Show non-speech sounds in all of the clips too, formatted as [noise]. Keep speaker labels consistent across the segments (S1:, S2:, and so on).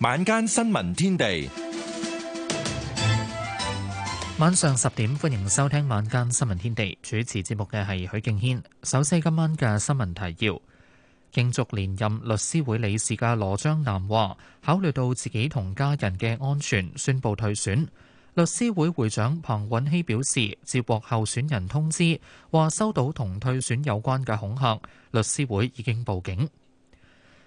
S1: 晚間新聞天地，
S2: 晚上十點歡迎收聽晚間新聞天地。主持節目嘅係許敬軒。首先，今晚嘅新聞提要：競逐連任律師會理事嘅羅章南話，考慮到自己同家人嘅安全，宣布退選。律師會會長彭允熙表示，接獲候選人通知，話收到同退選有關嘅恐嚇，律師會已經報警。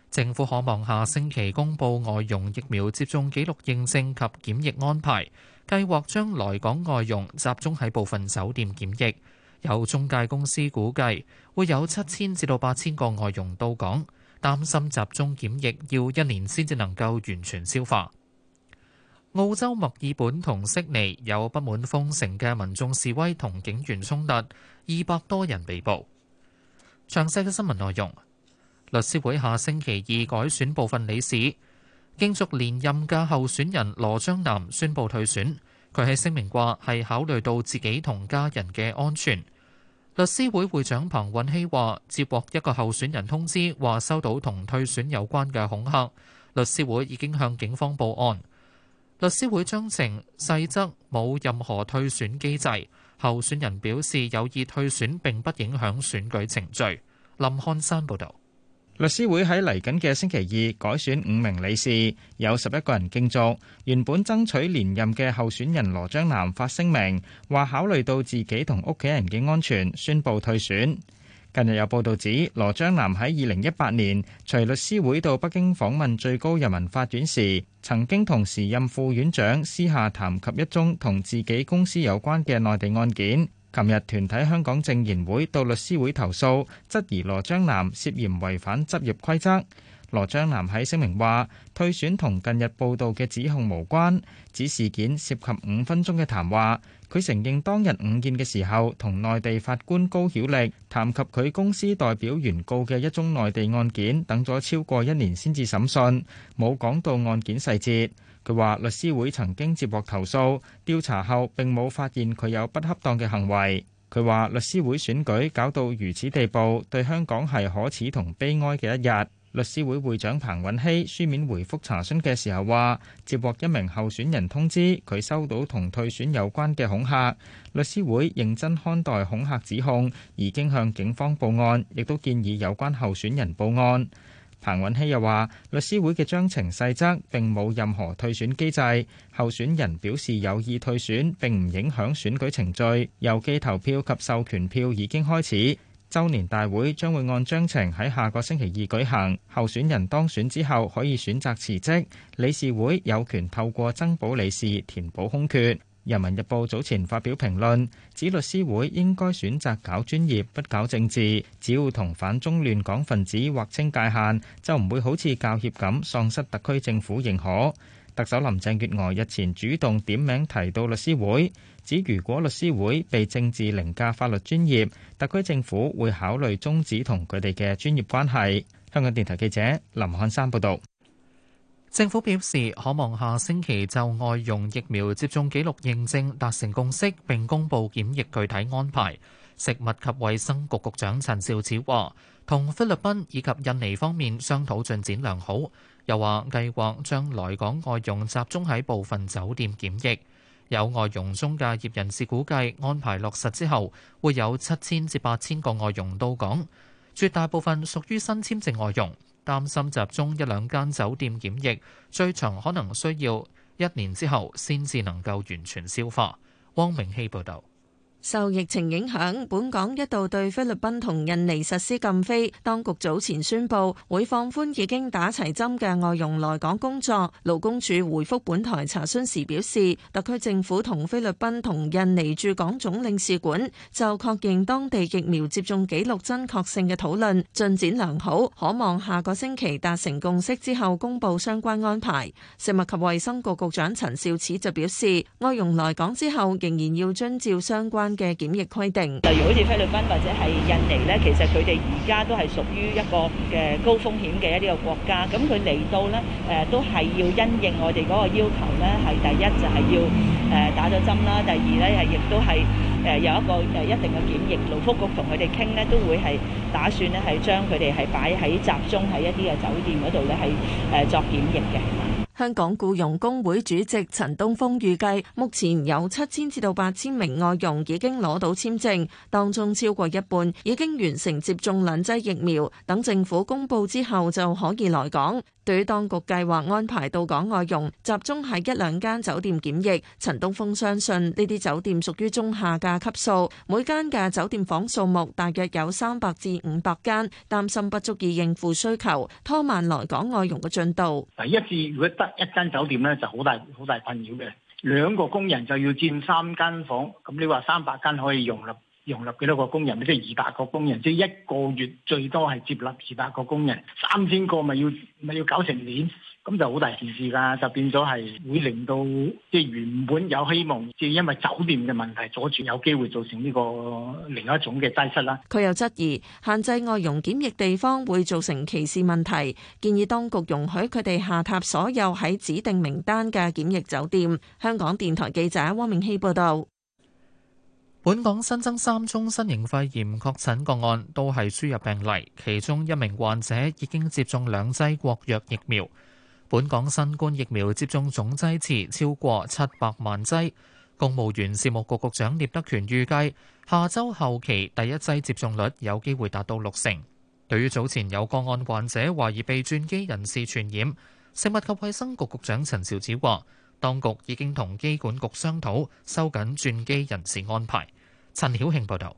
S2: 政府可望下星期公布外傭疫苗接種記錄認證及檢疫安排，計劃將來港外傭集中喺部分酒店檢疫。有中介公司估計會有七千至到八千個外傭到港，擔心集中檢疫要一年先至能夠完全消化。澳洲墨爾本同悉尼有不滿封城嘅民眾示威同警員衝突，二百多人被捕。詳細嘅新聞內容。律師會下星期二改選部分理事，競逐連任嘅候選人羅章南宣布退選。佢喺聲明話係考慮到自己同家人嘅安全。律師會會長彭韻僖話：接獲一個候選人通知，話收到同退選有關嘅恐嚇，律師會已經向警方報案。律師會章程細則冇任何退選機制，
S3: 候選人表示有意退選並不影響選舉程序。林漢山報導。律師會喺嚟緊嘅星期二改選五名理事，有十一個人競逐。原本爭取連任嘅候選人羅章南發聲明，話考慮到自己同屋企人嘅安全，宣布退選。近日有報道指，羅章南喺二零一八年隨律師會到北京訪問最高人民法院時，曾經同時任副院長私下談及一宗同自己公司有關嘅內地案件。琴日團體香港政研會到律師會投訴，質疑羅章南涉嫌違反執業規則。羅章南喺聲明話：退選同近日報道嘅指控無關，指事件涉及五分鐘嘅談話。佢承認當日午宴嘅時候，同內地法官高曉力談及佢公司代表原告嘅一宗內地案件，等咗超過一年先至審訊，冇講到案件細節。佢話：律師會曾經接獲投訴，調查後並冇發現佢有不恰當嘅行為。佢話：律師會選舉搞到如此地步，對香港係可恥同悲哀嘅一日。律師會會長彭韻僖書面回覆查詢嘅時候話：接獲一名候選人通知，佢收到同退選有關嘅恐嚇。律師會認真看待恐嚇指控，已經向警方報案，亦都建議有關候選人報案。彭允熙又話：律師會嘅章程細則並冇任何退選機制，候選人表示有意退選並唔影響選舉程序。郵寄投票及授權票已經開始，周年大會將會按章程喺下個星期二舉行。候選人當選之後可以選擇辭職，理事會有權透過增補理事填補空缺。《人民日報》早前發表評論指律師會應該選擇搞專業不搞政治，只要同反中亂港分子劃清界限，就唔會好似教協咁喪失特區政府認可。特首林鄭月娥日前主動點名提到律師會，指如果律師會被政治凌駕法律專業，特區政府會考慮終止同佢哋嘅專業關係。香港電台記者林漢山報道。政府表示，可望
S2: 下星期就外傭疫苗接種記錄認證達成共識並公布檢疫具體安排。食物及衛生局局長陳肇始話同菲律賓以及印尼方面商討進展良好。又話計劃將來港外傭集中喺部分酒店檢疫。有外傭中介業人士估計安排落實之後會有七千至八千個外傭到港，絕大部分屬於新簽證外傭。擔心集中一兩間酒店檢疫，最長可能需要一年之後先至能夠完全消化。汪明希報道。
S4: 受疫情影響，本港一度對菲律賓同印尼實施禁飛，當局早前宣布會放寬已經打齊針嘅外傭來港工作。勞工處回覆本台查詢時表示，特區政府同菲律賓同印尼駐港總領事館就確認當地疫苗接種記錄真確性嘅討論進展良好，可望下個星期達成共識之後公布相關安排。食物及衛生局局長陳肇始就表示，外傭來港之後仍然要遵照相關。嘅檢疫規定，例如好似菲律賓或者係印尼咧，其實佢哋而家都係屬於一個嘅高風險嘅一啲嘅國家，咁佢嚟到咧，誒、呃、都係要因應我哋嗰個要求咧，係第一就係要誒打咗針啦，第二咧係亦都係誒有一個誒一定嘅檢疫。勞福局同佢哋傾咧，都會係打算咧係將佢哋係擺喺集中喺一啲嘅酒店嗰度咧，係誒作檢疫嘅。香港僱傭工會主席陳東峰預計，目前有七千至到八千名外傭已經攞到簽證，當中超過一半已經完成接種兩劑疫苗，等政府公布之後就可以來港。對於當局計劃安排到港外傭，集中喺一兩間酒店檢疫，陳東峰相信，呢啲酒店屬於中下價級數，每間嘅酒店房數目，大約有三百至五百間，擔心不足以應付需求，拖慢來港外傭嘅進度。第一次，如果得一間酒店呢，就好大，好大困擾嘅。兩個工人就要佔三間房，咁你話三百間
S5: 可以用啦。容納幾多個工人？即係二百個工人，即係一個月最多係接納二百個工人。三千個咪要咪要搞成年，咁就好大件事㗎，就變咗係會令到即係原本有希望，即係因為酒店嘅問題阻住，有機會造成呢個另一種嘅擠出啦。
S4: 佢又質疑限制外傭檢疫地方會造成歧視問題，建議當局容許佢哋下榻所有喺指定名單嘅檢疫酒店。香港電台記者汪明熙報道。本
S2: 港新增三宗新型肺炎確診個案，都係輸入病例，其中一名患者已經接種兩劑國藥疫苗。本港新冠疫苗接種總劑次超過七百萬劑，公務員事務局局長聶德權預計下周後期第一劑接種率有機會達到六成。對於早前有個案患者懷疑被轉機人士傳染，食物及衛生局局長陳肇始話。當局已經同機管局商討，收緊轉機人士安排。陳曉慶報導。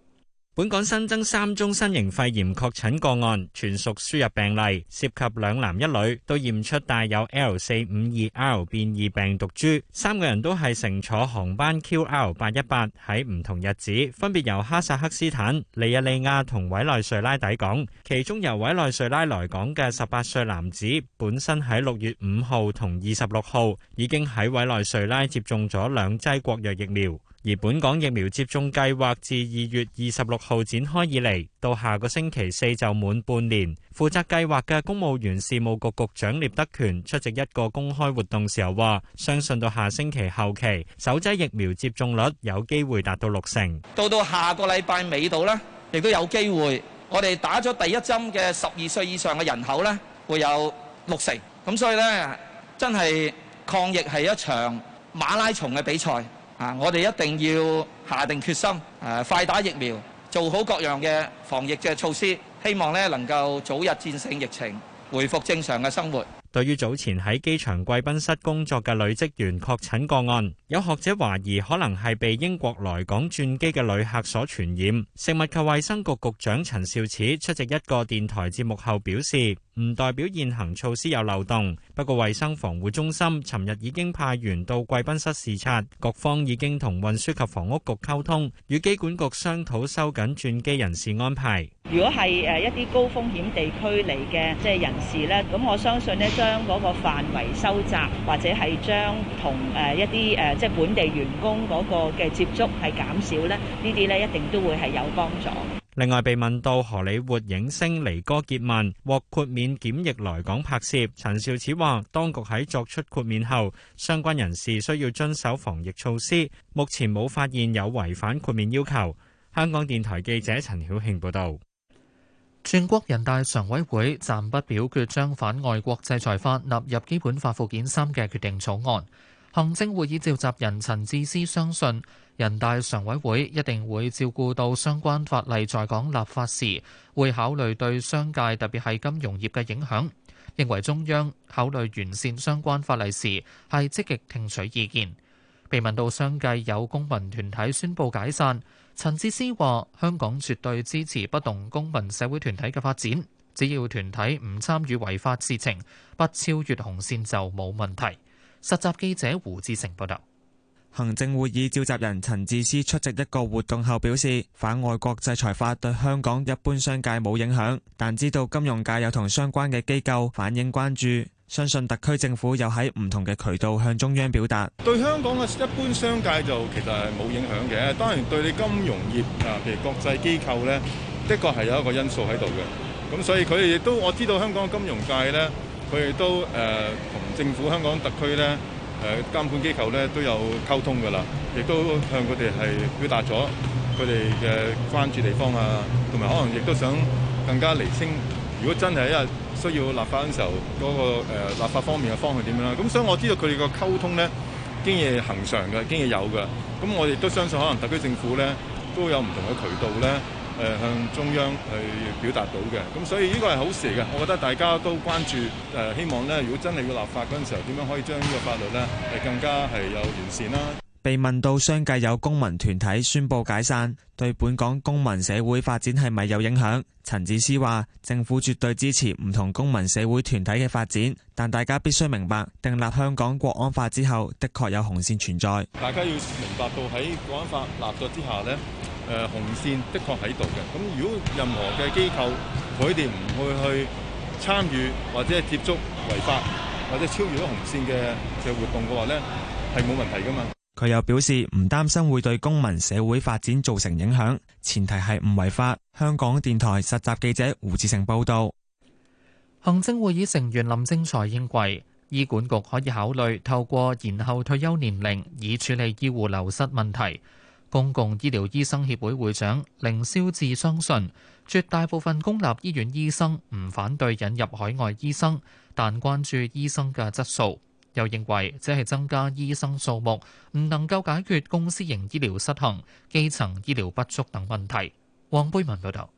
S5: 本港新增三宗新型肺炎確診個案，全屬輸入病例，涉及兩男一女，都驗出帶有 L 四五二 R 變異病毒株。三個人都係乘坐航班 QL 八一八，喺唔同日子，分別由哈薩克斯坦、尼日利亞同委內瑞拉抵港。其中由委內瑞拉來港嘅十八歲男子，本身喺六月五號同二十六號已經喺委內瑞拉接種咗兩劑國藥疫苗。而本港疫苗接種計劃自二月二十六號展開以嚟，到下個星期四就滿半年。負責計劃嘅公務員事務局局長聶德權出席一個公開活動時候話，相信到下星期後期首劑疫苗接種率有機會達到六成到，到下個禮拜尾度呢，亦都有機會我哋打咗第一針嘅十二歲以上嘅人口呢會有六成咁所以呢，真係抗疫係一場馬拉松嘅比賽。啊！我哋一定要下定決心，誒快打疫苗，做好各樣嘅防疫嘅措施，希望呢能夠早日戰勝疫情，回復正常嘅生活。對於早前喺機場貴賓室工作嘅女職員確診個案，有學者懷疑可能係被英國來港轉機嘅旅客所傳染。食物及衛生局局長陳肇始出席一個電台節目後表示，唔代表現行措施有漏洞，不過衛生防護中心尋日已經派員到貴賓室視察，各方已經同運輸及房屋局溝通，與機管局商討收緊轉機人士安排。
S4: 如果係誒一啲高風險地區嚟嘅，即係人士咧，咁我相信咧將嗰個範圍收窄，或者係將同誒一啲誒即係本地員工嗰個嘅接觸係減少咧，呢啲咧一定都會係有幫助。
S5: 另外被問到荷里活影星尼哥傑文獲豁免檢疫來港拍攝，陳肇始話：當局喺作出豁免後，相關人士需要遵守防疫措施，目前冇發現有違反豁免要求。香港電台記者陳曉慶報道。全國人大常委
S2: 會暫不表決將反外國制裁法納入基本法附件三嘅決定草案。行政會議召集人陳智思相信。人大常委會一定會照顧到相關法例，在港立法時會考慮對商界特別是金融業的影響。認為中央，考慮完善相關法例時，是積極聽取意見。被問到商界有公民團體宣布解散，陳智思說，香港絕對支持不同公民社會團體的發展，只要團體唔參與違法事情，不超越紅線就冇問題。實習記者胡志成報道。行政會議召集人陳智思出席一個活動後
S6: 表示，反外國制裁法對香港一般商界冇影響，但知道金融界有同相關嘅機構反映關注，相信特區政府有喺唔同嘅渠道向中央表達。
S1: 對香港嘅一般商界就其實係冇影響嘅，當然對你金融業啊，譬如國際機構呢，的確係有一個因素喺度嘅。咁所以佢哋亦都我知道香港金融界呢，佢哋都誒同、呃、政府香港特區呢，誒監管機構咧都有溝通㗎啦，亦都向佢哋係表達咗佢哋嘅關注地方啊，同埋可能亦都想更加釐清，如果真係一日需要立法嗰陣時候，嗰、嗰個、呃、立法方面嘅方向點樣啦。咁所以我知道佢哋個溝通咧，經已恒常嘅，經已有㗎。咁我亦都相信可能特區政府咧都有唔同嘅渠道咧。呃、向中央去表達到嘅，咁所以呢個係好事嚟嘅。我覺得大家都關注、呃、希望呢，如果真係要立法嗰陣時候，點樣可以將呢個法律呢係更加係有完善啦、啊。
S6: 被問到相繼有公民團體宣布解散，對本港公民社會發展係咪有影響？陳智思話：政府絕對支持唔同公民社會團體嘅發展，但大家必須明白，訂立香港國安法之後，的確有紅線存在。
S1: 大家要明白到喺國安法立咗之下呢。誒、呃、紅線的確喺度嘅，咁如果任何嘅機構佢哋唔會去參與或者接觸違法或者超越咗紅線嘅嘅活動嘅話呢，係冇問題噶嘛。
S6: 佢又表示唔擔心會對公民社會發展造成影響，前提係唔違法。香港電台實習記者胡志成報導。
S2: 行政會議成員林正財認為，醫管局可以考慮透過延後退休年齡，以處理醫護流失問題。公共醫療醫生協會會長凌霄志，相信絕大部分公立醫院醫生唔反對引入海外醫生，但關注醫生嘅質素。又認為只係增加醫生數目唔能夠解決公私營醫療失衡、基層醫療不足等問題，黃貝文報道。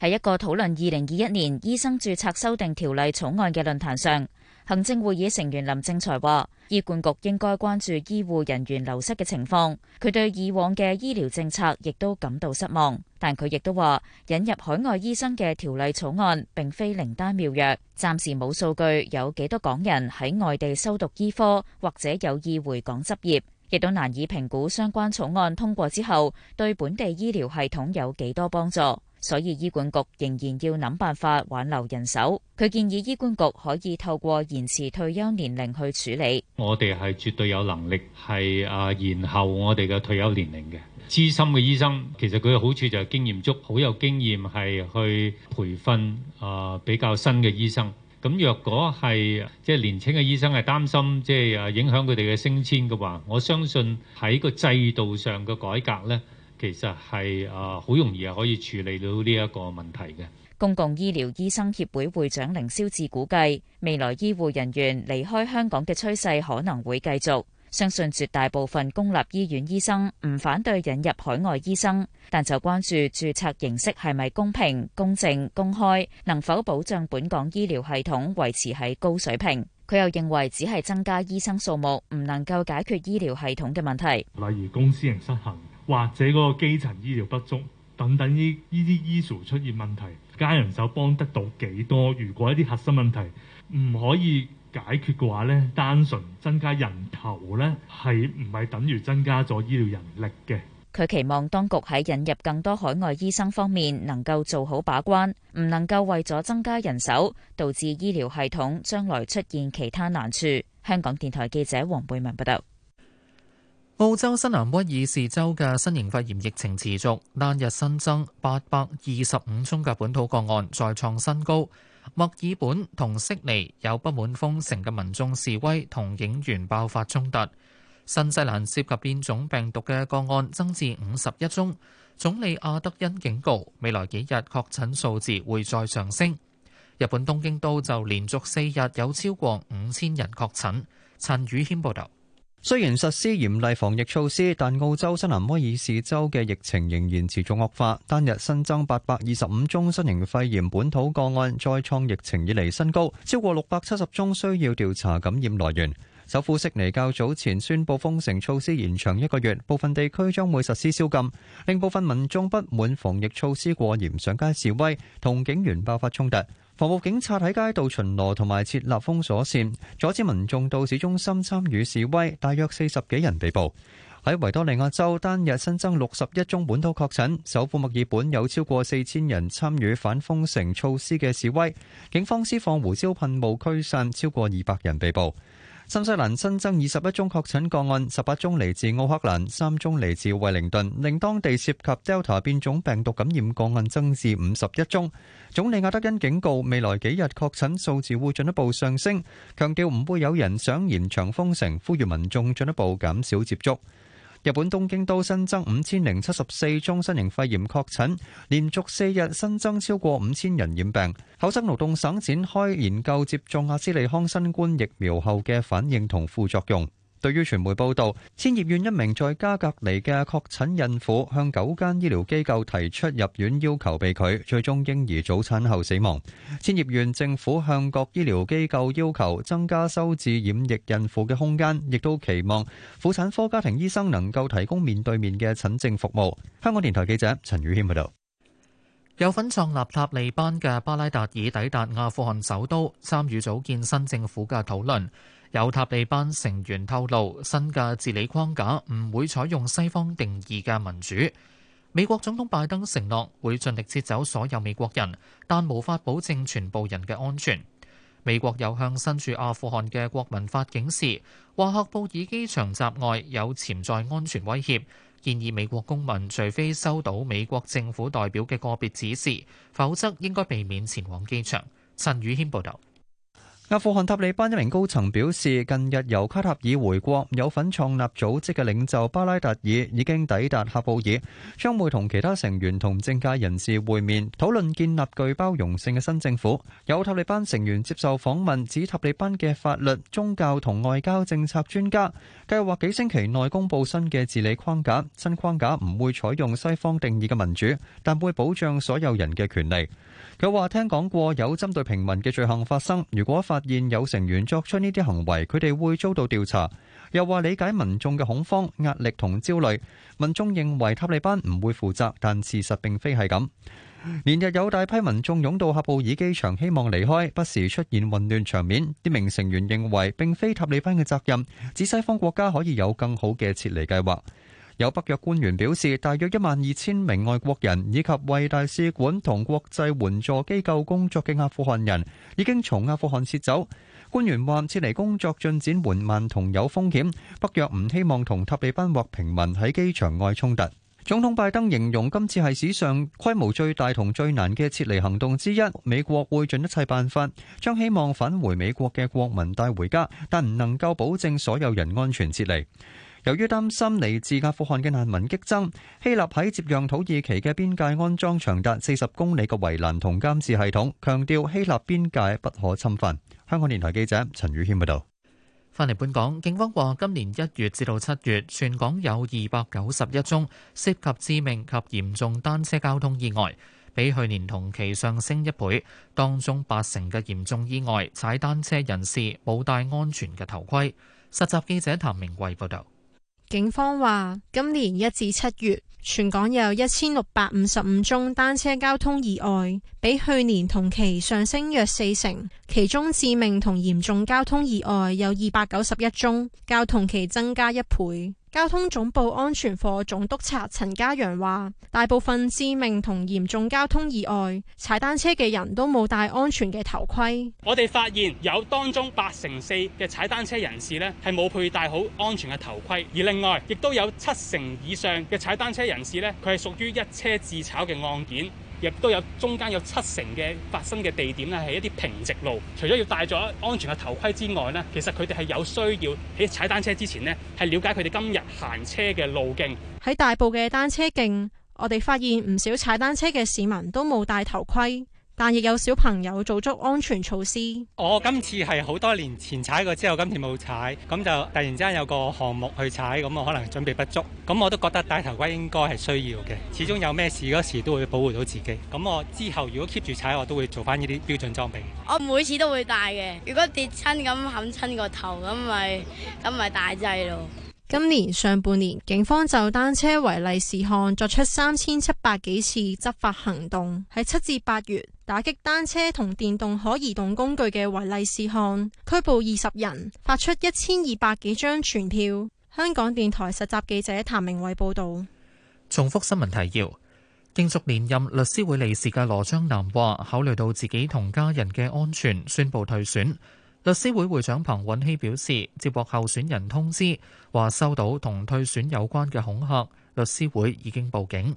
S7: 喺一個討論二零二一年醫生註冊修訂條例草案嘅論壇上。行政會議成員林正才話，醫管局應該關注醫護人員流失嘅情況。佢對以往嘅醫療政策亦都感到失望，但佢亦都話，引入海外醫生嘅條例草案並非靈丹妙藥。暫時冇數據有幾多港人喺外地修讀醫科或者有意回港執業，亦都難以評估相關草案通過之後對本地醫療系統有幾多幫助。所以醫管局仍然要諗辦法挽留人手。佢建議醫管局可以透過延遲退休年齡去處理。
S5: 我哋係絕對有能力係啊延後我哋嘅退休年齡嘅資深嘅醫生，其實佢嘅好處就係經驗足，好有經驗係去培訓啊比較新嘅醫生。咁若果係即係年輕嘅醫生係擔心即係啊影響佢哋嘅升遷嘅話，我相信喺個制度上嘅改革呢。其實係啊，好容易啊，可以處理到呢一個問題嘅。
S7: 公共醫療醫生協會會長凌霄智估計，未來醫護人員離開香港嘅趨勢可能會繼續。相信絕大部分公立醫院醫生唔反對引入海外醫生，但就關注註冊形式係咪公平、公正、公開，能否保障本港醫療系統維持喺高水平。佢又認為只係增加醫生數目唔能夠解決醫療系統嘅問題。
S5: 例如公私營失衡，或者嗰個基層醫療不足，等等呢呢啲醫療出現問題，加人手幫得到幾多？如果一啲核心問題唔可以解決嘅話咧，單純增加人頭呢係唔係等於增加咗醫療人力嘅？
S7: 佢期望當局喺引入更多海外醫生方面能夠做好把關，唔能夠為咗增加人手導致醫療系統將來出現其他難處。香港電台記者黃貝文報道。
S2: 澳洲新南威爾士州嘅新型肺炎疫情持續，單日新增八百二十五宗嘅本土個案，再創新高。墨爾本同悉尼有不滿封城嘅民眾示威，同警員爆發衝突。新西蘭涉及變種病毒嘅個案增至五十一宗，總理阿德恩警告未來幾日確診數字會再上升。日本東京都就連續四日有超過五千人確診。陳宇軒報導。
S8: 雖然實施嚴厲防疫措施，但澳洲新南威爾士州嘅疫情仍然持續惡化，單日新增八百二十五宗新型肺炎本土個案，再創疫情以嚟新高，超過六百七十宗需要調查感染來源。首府悉尼較早前宣布封城措施延長一個月，部分地區將會實施宵禁，令部分民眾不滿防疫措施過嚴，上街示威，同警員爆發衝突。防暴警察喺街道巡邏同埋設立封鎖線，阻止民眾到市中心參與示威。大約四十幾人被捕。喺維多利亞州，單日新增六十一宗本土確診，首府墨爾本有超過四千人參與反封城措施嘅示威，警方施放胡椒噴霧驅散，超過二百人被捕。新西蘭新增二十一宗確診個案，十八宗嚟自奧克蘭，三宗嚟自惠靈頓，令當地涉及 Delta 變種病毒感染個案增至五十一宗。總理阿德恩警告，未來幾日確診數字會進一步上升，強調唔會有人想延長封城，呼籲民眾進一步減少接觸。日本東京都新增五千零七十四宗新型肺炎確診，連續四日新增超過五千人染病。厚生勞動省展開研究接種阿斯利康新冠疫苗後嘅反應同副作用。對於傳媒報道，千葉縣一名在家隔離嘅確診孕婦向九間醫療機構提出入院要求被拒，最終嬰兒早產後死亡。千葉縣政府向各醫療機構要求增加收治染疫孕婦嘅空間，亦都期望婦產科家庭醫生能夠提供面對面嘅診症服務。香港電台記者陳宇軒報道。
S2: 有份創立塔利班嘅巴拉達爾抵達阿富汗首都，參與組建新政府嘅討論。有塔利班成員透露，新嘅治理框架唔會採用西方定義嘅民主。美國總統拜登承諾會盡力撤走所有美國人，但無法保證全部人嘅安全。美國有向身處阿富汗嘅國民發警示，話喀布爾機場閘外有潛在安全威脅，建議美國公民除非收到美國政府代表嘅個別指示，否則應該避免前往機場。陳宇謙報導。
S8: 阿富汗塔利班一名高層表示，近日由卡塔爾回國，有份創立組織嘅領袖巴拉達爾已經抵達喀布爾，將會同其他成員同政界人士會面，討論建立具包容性嘅新政府。有塔利班成員接受訪問，指塔利班嘅法律、宗教同外交政策專家計劃幾星期內公布新嘅治理框架，新框架唔會採用西方定義嘅民主，但會保障所有人嘅權利。佢話聽講過有針對平民嘅罪行發生，如果法。發現有成員作出呢啲行為，佢哋會遭到調查。又話理解民眾嘅恐慌、壓力同焦慮。民眾認為塔利班唔會負責，但事實並非係咁。連日有大批民眾湧到喀布爾機場，希望離開，不時出現混亂場面。嗰名成員認為，並非塔利班嘅責任，指西方國家可以有更好嘅撤離計劃。有北約官員表示大約由於擔心嚟自阿富汗嘅難民激增，希臘喺接壤土耳其嘅邊界安裝長達四十公里嘅圍欄同監視系統，強調希臘邊界不可侵犯。香港電台記者陳宇軒報導。翻嚟本港，
S2: 警方話今年一月至到七月，全港有二百九十一宗涉及致命及嚴重單車交通意外，比去年同期上升一倍。當中八成嘅嚴重意外踩單車人士冇戴安全嘅頭盔。實習記者譚明貴報導。
S9: 警方話，今年一至七月，全港有一千六百五十五宗單車交通意外，比去年同期上升約四成。其中致命同嚴重交通意外有二百九十一宗，較同期增加一倍。交通總部安全課總督察陳嘉陽話，大部分致命同嚴重交通意外，踩單車嘅人都冇戴安全嘅頭盔。
S5: 我哋發現有當中八成四嘅踩單車人士咧，係冇佩戴好安全嘅頭盔，而另外亦都有七成以上嘅踩單車。人士咧，佢係屬於一車自炒嘅案件，亦都有中間有七成嘅發生嘅地點咧，係一啲平直路。除咗要戴咗安全嘅頭盔之外呢，其實佢哋係有需要喺踩單車之前呢，係了解佢哋今日行車嘅路徑。
S9: 喺大埔嘅單車徑，我哋發現唔少踩單車嘅市民都冇戴頭盔。但亦有小朋友做足安全措施。
S5: 我今次係好多年前踩過，之後今次冇踩，咁就突然之間有個項目去踩，咁我可能準備不足。咁我都覺得戴頭盔應該係需要嘅，始終有咩事嗰時都會保護到自己。咁我之後如果 keep 住踩，我都會做翻呢啲標準裝備。
S7: 我
S8: 每次都會戴嘅，如果跌親咁冚親個頭，咁咪咁咪大劑咯。
S9: 今年上半年，警方就單車違例事項作出三千七百幾次執法行動。喺七至八月，打擊單車同電動可移動工具嘅違例事項，拘捕二十人，發出一千二百幾張傳票。香港電台實習記者譚明慧報道。
S2: 重複新聞提要：競逐連任律師會理事嘅羅章南話，考慮到自己同家人嘅安全，宣布退選。律師會會長彭韻僖表示，接獲候選人通知，話收到同退選有關嘅恐嚇，律師會已經報警。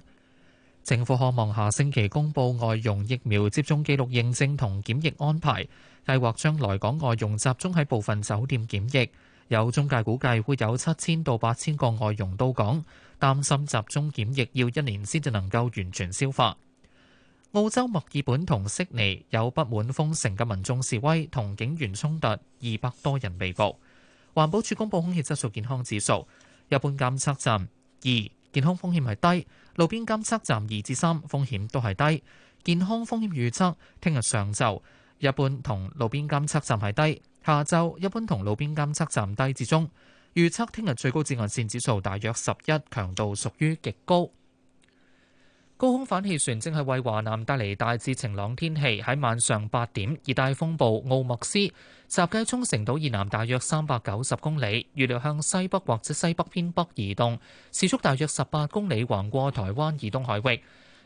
S2: 政府可望下星期公布外傭疫苗接種記錄認證同檢疫安排，計劃將來港外傭集中喺部分酒店檢疫。有中介估計會有七千到八千個外傭到港，擔心集中檢疫要一年先至能夠完全消化。澳洲墨爾本同悉尼有不滿封城嘅民眾示威，同警員衝突，二百多人被捕。環保署公布空氣質素健康指數，一般監測站二，健康風險係低；路邊監測站二至三，風險都係低。健康風險預測：聽日上晝一般同路邊監測站係低，下晝一般同路邊監測站低至中。預測聽日最高紫外線指數大約十一，強度屬於極高。高空反氣旋正係為華南帶嚟大致晴朗天氣。喺晚上八點，熱帶風暴奧麥斯集結沖繩島以南大約三百九十公里，預料向西北或者西北偏北移動，時速大約十八公里，橫過台灣以東海域。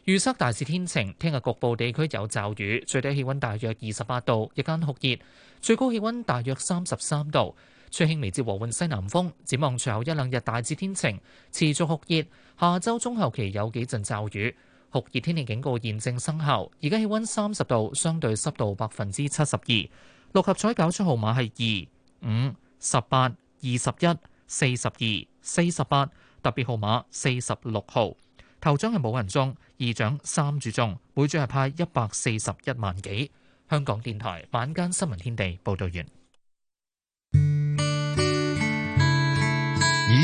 S2: 預測大致天晴，聽日局部地區有驟雨，最低氣温大約二十八度，日間酷熱，最高氣温大約三十三度。吹輕微至和緩西南風，展望最後一兩日大致天晴，持續酷熱。下周中後期有幾陣驟雨，酷熱天氣警告現正生效。而家氣温三十度，相對濕度百分之七十二。六合彩攪出號碼係二五十八、二十一、四十二、四十八，特別號碼四十六號。頭獎係冇人中，二獎三注中，每注係派一百四十一萬幾。香港電台晚間新聞天地，報道完。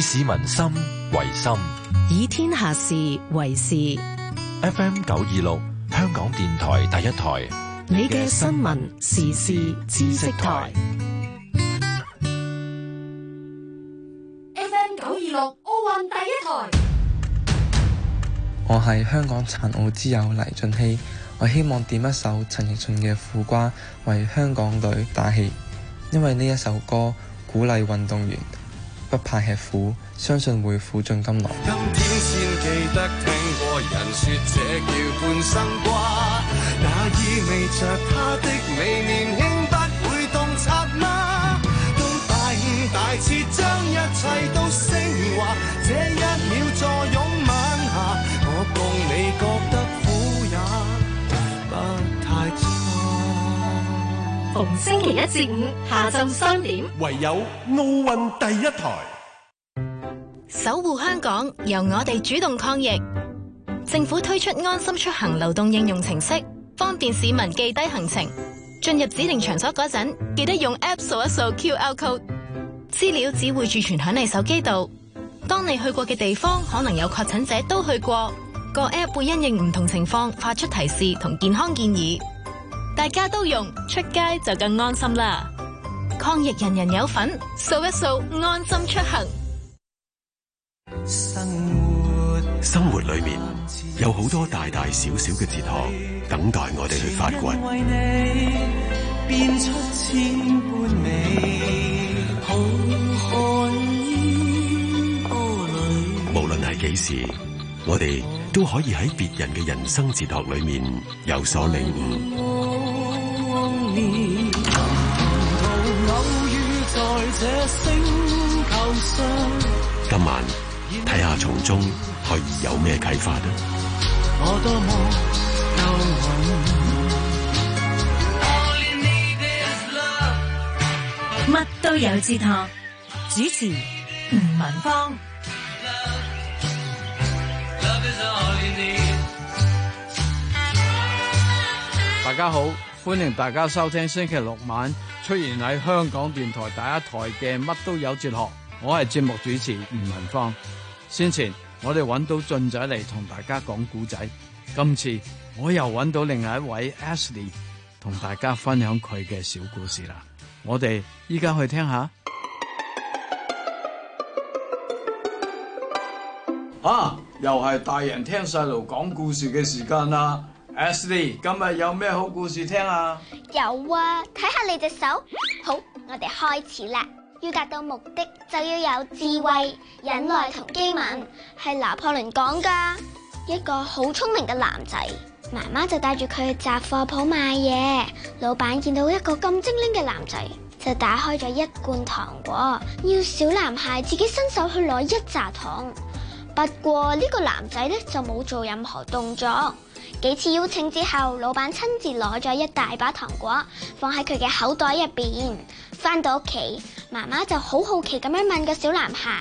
S5: 以市民心為心，
S2: 以天下事為事。
S5: FM 九二六，香港電台第一台。
S2: 你嘅新聞時事知識台。 [music] FM 九二六，奧運第一台。
S6: [music] 我係香港殘奧之友黎俊熙，我希望點一首陳奕迅嘅《苦瓜》為香港隊打氣，因為呢一首歌鼓勵運動員。不怕吃苦，相信會苦盡甘來。今
S8: 天先記得聽過人說這這叫半生瓜，那意味着它的美年輕不會洞察嗎？都大悟大徹，將一切
S9: 都升華。這一。星期一至五下晝三點，
S1: 唯有奧運第一台
S9: 守護香港，由我哋主動抗疫。政府推出安心出行流動應用程式，方便市民記低行程。進入指定場所嗰陣，記得用 App 掃一掃 QR code，資料只會儲存響你手機度。當你去過嘅地方可能有確診者都去過，個 App 會因應唔同情況發出提示同健康建議。大家都用，出街就更安心啦！抗疫人人有份，掃一掃安心出行。
S1: 生活生活裏面有好多大大小小嘅哲學，等待我哋去發掘。哄
S6: 哄哄哄哄，
S8: 無論係幾時，我哋都可以喺別人嘅人生哲學裏面有所領悟。
S5: 今晚睇下從中可以有咩啟發
S7: 呢？乜都有接托，主持吳文芳。
S5: 大家好。歡迎大家收聽星期六晚出現喺香港電台第一台嘅《乜都有哲學》，我係節目主持吳文芳。先前我哋揾到俊仔嚟同大家講故仔，今次我又揾到另外一位 Ashley 同大家分享佢嘅小故事啦。我哋依家去聽下啊！又係大人聽細路講故事嘅時間啦。S D 今日有咩好故事聽啊？
S4: 有啊，睇下你隻手。好，我哋開始啦。要達到目的就要有智慧、忍耐同機敏，係拿破崙講噶。一個好聰明嘅男仔，媽媽就帶住佢去雜貨鋪買嘢。老闆見到一個咁精靈嘅男仔，就打開咗一罐糖果，要小男孩自己伸手去攞一紮糖。不過呢個男仔咧就冇做任何動作。幾次邀請之後，老闆親自攞咗一大把糖果放喺佢嘅口袋入邊。返到屋企，媽媽就好好奇咁樣問個小男孩。